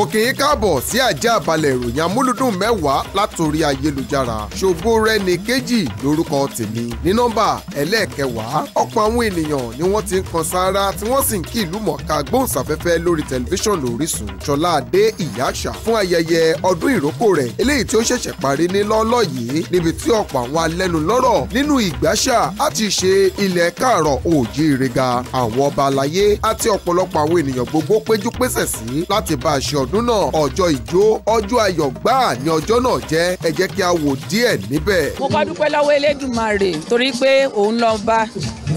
mo kì í káàbọ̀ sí àjà àbálẹ̀ ìròyìn amúlùdùn mẹ́wàá látòrí ayélujára ṣògo rẹni kejì lórúkọ tèmi ní nọ́mbà ẹlẹ́ẹ̀kẹwàá ọ̀pọ̀ àwọn ènìyàn ni wọ́n ti ń kan sáárá tí wọ́n sì ń kí ìlú mọ̀ọ́ká gbóhùnsáfẹ́fẹ́ lórí tẹlifíṣàn Orísun ṣọlá adé ìyáṣà fún ayẹyẹ ọdún ìrókò rẹ̀ eléyìí tí ó ṣẹ̀ṣẹ̀ parí ní lọ́ọ́lọ́ yìí níbi tí ọ̀pọ̀ àwọn alẹ́nulọ́rọ̀ nínú ìgbàṣà láti ṣe ilẹ̀ káàrọ̀ òjíire ga àwọn ọba aláyé àti ọ̀pọ̀lọpọ̀ àwọn ènìyàn gbogbo péjú pésẹ̀ sí láti bá a ṣe ọd ọdún náà ọjọ́ ìjó ọjọ́ ayọ̀ gbáà ni ọjọ́ náà jẹ́ ẹ jẹ́ kí a wò díẹ̀ níbẹ̀. mo bá dúpẹ́ lọ́wọ́ elédùnmarè torí pé òun lọ bá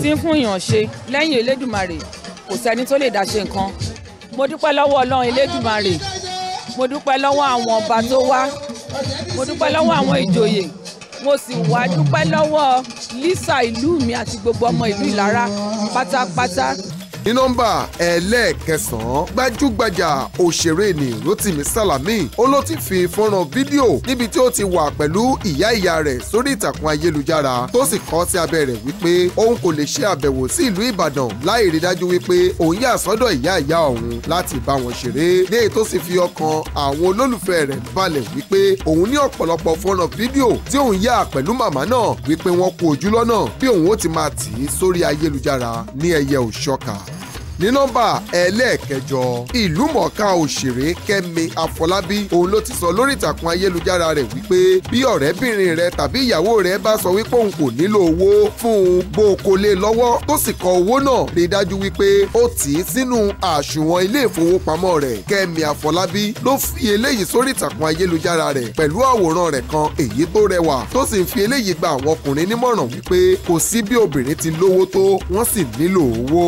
tí ń fún yàn ṣe lẹ́yìn elédùnmarè kò sẹ́ni tó lè dá nǹkan mo dúpẹ́ lọ́wọ́ ọlọ́run elédùnmarè mo dúpẹ́ lọ́wọ́ àwọn ọba tó wá mo dúpẹ́ lọ́wọ́ àwọn ìjòyè mo sì wá dúpẹ́ lọ́wọ́ lísà ìlú mi àti gbogbo ọmọ ìlú Ìlara pátápátá ní nọ́mbà ẹlẹ́ẹ̀kẹsàn-án gbajúgbajà òṣèré ni Rotimi Salami olóòtú fi fọ́nrán fídíò níbi tí ó ti wà pẹ̀lú ìyá ìyá rẹ̀ sórí ìtàkùn ayélujára tó sì kọ́ sí abẹ́ rẹ̀ wípé òun kò lè ṣe àbẹ̀wò sí ìlú Ìbàdàn láì rí dájú wípé òun yà sọ́dọ̀ ìyá ìyá òun láti bá wọn ṣeré ní èyí tó sì fi ọkàn àwọn olólùfẹ́ rẹ̀ balẹ̀ wípé òun ní ọ̀pọ̀lọpọ̀ fọ́nrán fídíò tí òun yà pẹ̀lú màmá náà wípé wọ́n kú ojú bí òun ó ti máa tì í sórí ayélujára ní ẹyẹ òṣọ́ka ní nọ́mbà ẹlẹ́ẹ̀kẹjọ ìlúmọ̀ọ́ká òṣèré Kẹ́mi Àfọlábí òun ló ti sọ lórí ìtàkùn ayélujára rẹ̀ wípé bí ọ̀rẹ́bìnrin rẹ̀ tàbí ìyàwó rẹ̀ bá sọ wípé òun kò nílò owó fún un bó o kò lè lọ́wọ́ tó sì kọ owó náà rí dájú wípé ó tì í sínú àsùnwọ̀n ilé ìfowópamọ́ rẹ̀ Kẹ́mi Àfọlábí ló fi eléyìí sórí ìtàkùn ayélujára rẹ̀ pẹ̀lú àwòrán rẹ̀ kan èyí tó rẹwà tó sì ń fi eléyìí gba àwọn ọkùnrin nímọ̀ràn wípé kò sí bí obìnrin ti lówó tó wọ́n sì nílò owó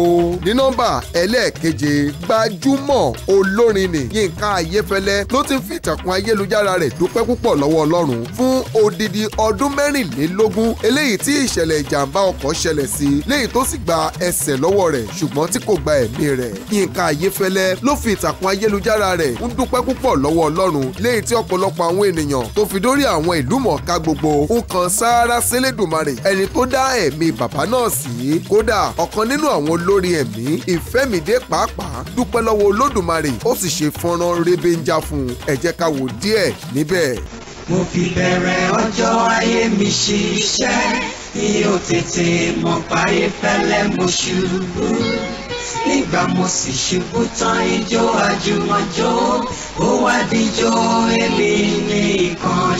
ní nọ́mbà ẹlẹ́ẹ̀keje gbajúmọ̀ olórin ni Yínká Ayéfẹ́lẹ́ ló ti fi ìtàkùn ayélujára rẹ̀ dúpẹ́ púpọ̀ lọ́wọ́ Ọlọ́run fún odidi ọdún mẹ́rìnlélógún eléyìí tí ìṣẹ̀lẹ̀ ìjàmbá ọkọ̀ ṣẹlẹ̀ sí léyìí tó sì gba ẹsẹ̀ lọ́wọ́ rẹ̀ ṣùgbọ́n tí kò gba ẹ̀mí rẹ̀ Yínká Ayéfẹ́lẹ́ ló fi ìtàkùn ayélujára rẹ̀ ń dúpẹ́ púpọ̀ lọ́wọ́ Ọlọ́run léyìí tí ọ̀pọ̀lọpọ̀ àwọn ènìyàn tó fi dórí àwọn ìlú mọ̀ọ́ká gbogbo ń kan sáárá sélédùmarè ẹni tó dá ẹ̀mí bàbá náà sí kódà ọ̀kan nínú àwọn olórin ẹ̀mí ìf Fẹ́mídé pàápàá dúpẹ́ lọ́wọ́ Olódùmarè ó sì ṣe fọ́nrán rebenja fún un ẹ jẹ́ ká wò díẹ̀ níbẹ̀. mo fi bẹ̀rẹ̀ ọjọ́ ayé mi ṣe iṣẹ́ mi ò tètè mọ̀ báyé fẹ́lẹ́ mo ṣubú mo sì ṣubú tán ijó àjùmọ̀jó ó wá díjó èmi nìkan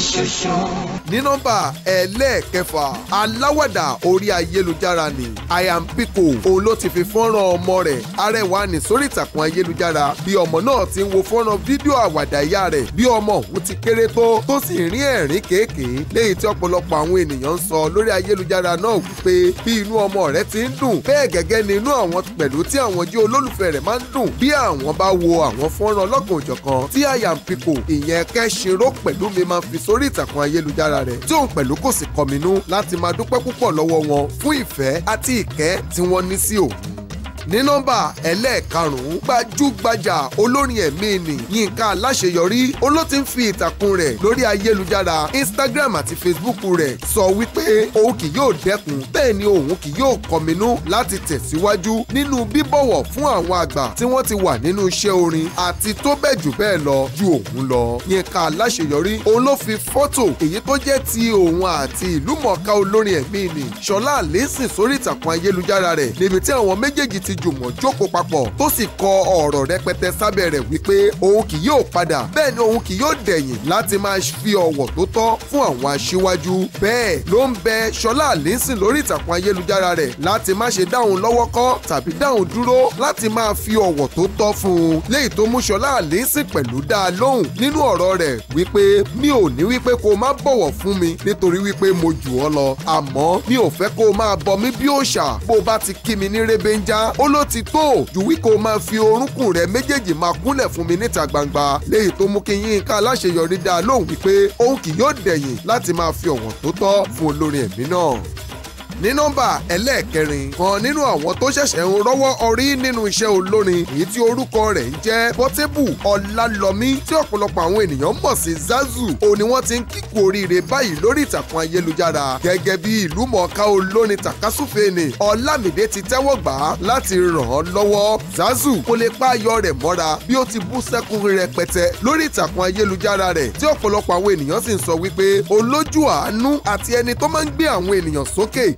ní nọ́mbà ẹlẹ́ẹ̀kẹfà aláwàdà orí ayélujára ni Ayambiko òun ló ti fi fọ́nrán ọmọ rẹ̀ arẹwà ní sórí ìtàkùn ayélujára bí ọmọ náà ti ń wo fọ́nrán fídíò àwàdà ìyá rẹ̀ bí ọmọ òun ti kéré tó tó sì rí ẹ̀rín kéékèé léyìí tí ọ̀pọ̀lọpọ̀ àwọn ènìyàn ń sọ lórí ayélujára náà wípé bí inú ọmọ rẹ̀ ti ń dùn bẹ́ẹ̀ gẹ́gẹ́ ni inú àwọn pẹ̀lú tí àwọn jí olóòtú olólùfẹ́ rẹ̀ máa ń dùn bí àwọn bá wo àwọn fọ́nrán ọlọ́kan òjọ̀kan tí àyànpípò ìyẹn Kẹ́ṣinró Pẹ̀lúmi máa fi sórí ìtàkùn ayélujára rẹ̀ tí òun pẹ̀lú kò sì kọminú láti máa dúpẹ́ púpọ̀ lọ́wọ́ wọn fún ìfẹ́ àti ìkẹ́ tí wọ́n ní sí òun ní nọ́mbà ẹlẹ́ẹ̀karùn-ún gbajúgbajà olórin ẹ̀mí ni Yínká Aláṣeyọrí olóòtú ń fi ìtàkùn rẹ̀ lórí ayélujára Instagram àti Facebook rẹ̀ sọ wípé òun kì yóò dẹ́kun bẹ́ẹ̀ ni òun kì yóò kọminú láti tẹ̀síwájú nínú bíbọ̀wọ̀ fún àwọn àgbà tí wọ́n ti wà nínú iṣẹ́ orin àti tó bẹ́ẹ̀ jù bẹ́ẹ̀ lọ ju òun lọ Yínká Aláṣeyọrí òun ló fi fọ́tò èyí tó jẹ́ ti òun àti ìlúmọ̀ọ́ká olórin ẹ̀mí ni Ṣọlá Allyson sórí ìtàkùn ayélujára rẹ̀ níbi tí àwọn méjèèjì ti jùmọ̀ jókòó papọ̀ tó sì kọ ọ̀rọ̀ rẹpẹtẹ sábẹ́ rẹ̀ wípé òun kì yóò padà bẹ́ẹ̀ ni òun kì yóò dẹ̀yìn láti máa fi ọ̀wọ̀ tó tọ́ fún àwọn aṣíwájú bẹ́ẹ̀ ló ń bẹ Ṣọlá Allyson lórí ìtàkùn ayélujára rẹ̀ láti má ṣe dáhùn lọ́wọ́ kọ́ tàbí dáhùn dúró láti máa fi ọ̀wọ̀ tó tọ́ fún un léyìí tó mú Ṣọlá Allyson pẹ̀lú dá a lóhùn ó ló ti tó ju wí kó máa fi orúnkún rẹ̀ méjèèjì máa kúnlẹ̀ fún mi níta gbangba léyìí tó mú kí Yínká Aláṣeyọrí dá lóhùn wípé òun kì yóò dẹ̀yìn láti máa fi ọ̀wọ̀n tó tọ́ fún olórin ẹ̀mí náà ní nọ́mbà ẹlẹ́ẹ̀kẹrin kan nínú àwọn tó ṣẹ̀ṣẹ̀ ń rọ́wọ́ orí nínú iṣẹ́ olórin èyí tí orúkọ rẹ̀ ń jẹ́ Portable Ọlálọ́mí tí ọ̀pọ̀lọpọ̀ àwọn ènìyàn mọ̀ sí Zazu òun ni wọ́n ti ń kíkù oríire báyìí lórí ìtàkùn ayélujára gẹ́gẹ́ bí ìlú mọ̀ọ́ká olórin tàkásùfèènì Ọlámídé ti tẹ́wọ́ gbà á láti ràn án lọ́wọ́ Zazu kò lè pa ayọ̀ rẹ̀ mọ́ra bí ó ti bú sẹ́kún rẹpẹtẹ lórí ìtàkùn ayélujára rẹ̀ tí ọ̀pọ̀lọpọ̀ àwọn ènìyàn sì ń sọ wípé olójú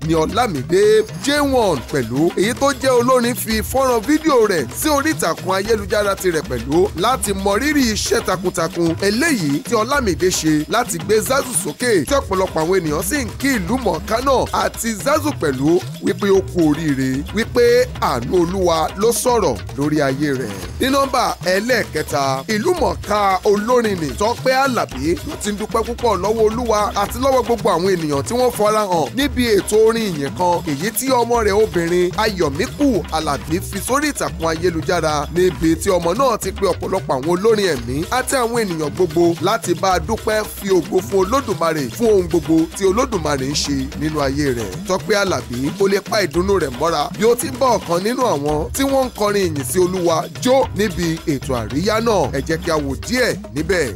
ni ọlámídé j1 pẹ̀lú èyí tó jẹ́ olórin fi fọ́nrán fídíò rẹ̀ sí orí ìtàkùn ayélujára tirẹ̀ pẹ̀lú láti mọrírì iṣẹ́ takuntakun eléyìí tí ọlámídé ṣe láti gbé zazu sókè tí ọ̀pọ̀lọpọ̀ àwọn ènìyàn sì ń kí ìlú mọ̀ọ́ká náà àti zazu pẹ̀lú wípé ó kú oríire wípé àánú olúwa ló sọ̀rọ̀ lórí ayé rẹ̀ ní nọ́mbà ẹlẹ́ẹ̀kẹta ìlú mọ̀ọ́ká olórin ni tọ́pẹ́ àlàbí ló ti ń dúpẹ́ púpọ̀ lọ́wọ́ olúwa àti lọ́wọ́ gbogbo àwọn ènìyàn tí wọ́n fara hàn níbi ètò orin olórin ìyìn kan èyí tí ọmọ rẹ̀ obìnrin ayọ̀míkù alábí fi sórí ìtàkùn ayélujára níbi tí ọmọ náà ti pe ọ̀pọ̀lọpọ̀ àwọn olórin ẹ̀mí àti àwọn ènìyàn gbogbo láti bá a dúpẹ́ fi ògo fún olódùmarè fún ohun gbogbo tí olódùmarè ń ṣe nínú ayé rẹ̀ tọ́pẹ́ alábí kò lè pa ìdùnnú rẹ̀ mọ́ra bí ó ti ń ọ̀kan nínú àwọn tí wọ́n ń kọrin ìyìn sí olúwa jó níbi ètò àríyá náà ẹ kí a wò díẹ̀ níbẹ̀.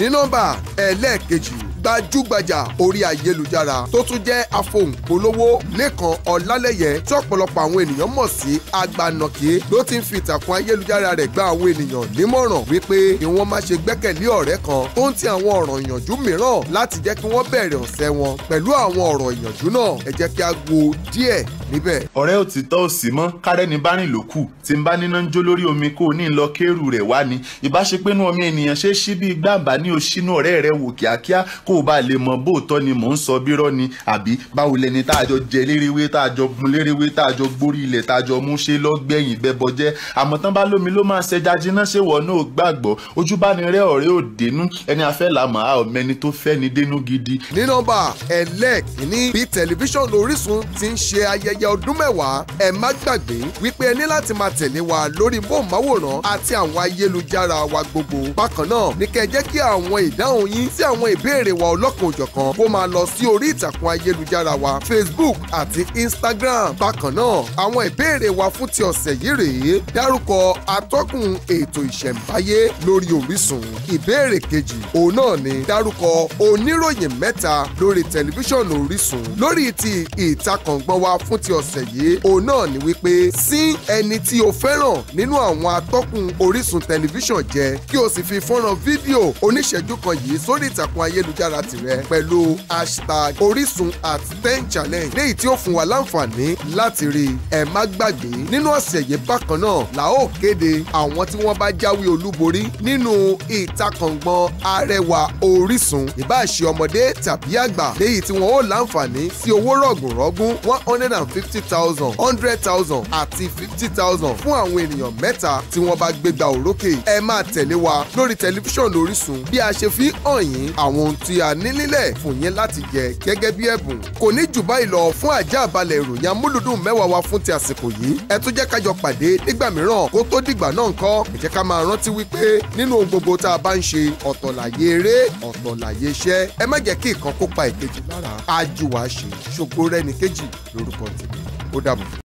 ní nọ́mbà ẹlẹ́ẹ̀kejì gbajúgbajà orí ayélujára tó tún jẹ́ afohùnpolówó lẹ́kan ọ̀làlẹ́yẹ tí ọ̀pọ̀lọpọ̀ àwọn ènìyàn mọ̀ sí agbanàkí ló ti ń fi ìtàkùn ayélujára rẹ̀ gba àwọn ènìyàn nímọ̀ràn wípé kí wọ́n má ṣe gbẹ́kẹ̀lé ọ̀rẹ́ kan tó ń ti àwọn ọ̀rọ̀ ìyànjú mìíràn láti jẹ́ kí wọ́n bẹ̀rẹ̀ ọ̀sẹ̀ wọn pẹ̀lú àwọn ọ̀rọ̀ ìyànjú náà ẹ jẹ́ kí a wo díẹ̀ níbẹ̀. ọ̀rẹ́ òtítọ́ ò sí mọ́ kárẹ́ni bá rìn ló kù tí ń bá níná ń jó lórí omi kó o ní lọ kéèrú rẹ̀ wá ni ìbáṣepẹ́nu ọmọ ènìyàn ṣe é ṣí bí gbàǹbá ní oṣínú ọ̀rẹ́ rẹ̀ wò kíákíá k kó o bá lè mọ bóòtọ́ ni mò ń sọ bírọ́ ni àbí báwo lẹni tá a jọ jẹ léréwé tá a jọ gun léréwé tá a jọ gbórí ilẹ̀ tá a jọ mú ṣe lọ́gbẹ̀yìn bẹ́bọ jẹ́ àmọ́ tán bá lómi ló máa ṣẹja jiná ṣe wọ̀ náà gbàgbọ́ ojú bá ní rẹ́ ọ̀rẹ́ òdenu ẹni afẹ́ là máa ọ mẹni tó fẹ́ ni dénú gidi. ní nọ́mbà ẹlẹ́ẹ̀kínní bí tẹlifíṣàn Orísun ti ń ṣe ayẹyẹ ọdún mẹ́wàá ẹ má gbàgbé wípé ẹ ní láti máa tẹ̀lé wa lórí móhùnmáwòrán àti àwọn ayélujára wa gbogbo bákan náà ní kẹ́ jẹ́ kí àwọn ìdáhùn yín sí àwọn ìbéèrè wa ọlọ́kan ò kó máa lọ sí orí ìtàkùn ayélujára wa Facebook àti Instagram bákan náà àwọn ìbéèrè wa fún ti ọ̀sẹ̀ yìí rèé dárúkọ atọ́kùn ètò ìṣẹ̀ǹbáyé lórí Orísun ìbéèrè kejì òun náà ni dárúkọ oníròyìn mẹ́ta lórí tẹlifíṣàn Orísun lórí ti ìtakàngbọ́n wa fún ti ọ̀sẹ̀ yìí òun náà ni wípé sí ẹni tí o fẹ́ràn nínú àwọn atọ́kùn Orísun tẹlifíṣàn jẹ kí o sì fi fọ́nrán fídíò oníṣẹ́jú kan yìí sórí ìtàkùn ayélujára ayélujára tìrẹ pẹ̀lú hashtag orísun at ten challenge léyìí tí ó fún wa láǹfààní láti rí ẹ má gbàgbé nínú ọ̀sẹ̀ yìí bákan náà la ó kéde àwọn tí wọ́n bá jáwé olúborí nínú ìtakàngbọ̀n arẹwà orísun ìbáṣe ọmọdé tàbí àgbà léyìí tí wọ́n ó láǹfààní sí owó rọ̀gùnrọ̀gùn one hundred and fifty thousand hundred thousand àti fifty thousand fún àwọn ènìyàn mẹ́ta tí wọ́n bá gbégbá òrókè ẹ máa tẹ̀lé wa lórí tẹlifíṣàn Orísun bí a ṣe fi hàn yín àwọn ohun tí a ní nílẹ̀ fún yín láti jẹ gẹ́gẹ́ bí ẹ̀bùn kò ní jù báyìí lọ fún àjà àbálẹ̀ ìròyìn amúlùdùn mẹ́wàá wa fún ti àsìkò yìí ẹ tún jẹ́ kájọ pàdé nígbà mìíràn kó tó dìgbà náà ńkọ́ ẹ jẹ́ ká máa rántí wípé nínú gbogbo tá a bá ń ṣe ọ̀tọ̀ làyé eré ọ̀tọ̀ làyé iṣẹ́ ẹ má jẹ́ kí ìkan kópa ìkejì lára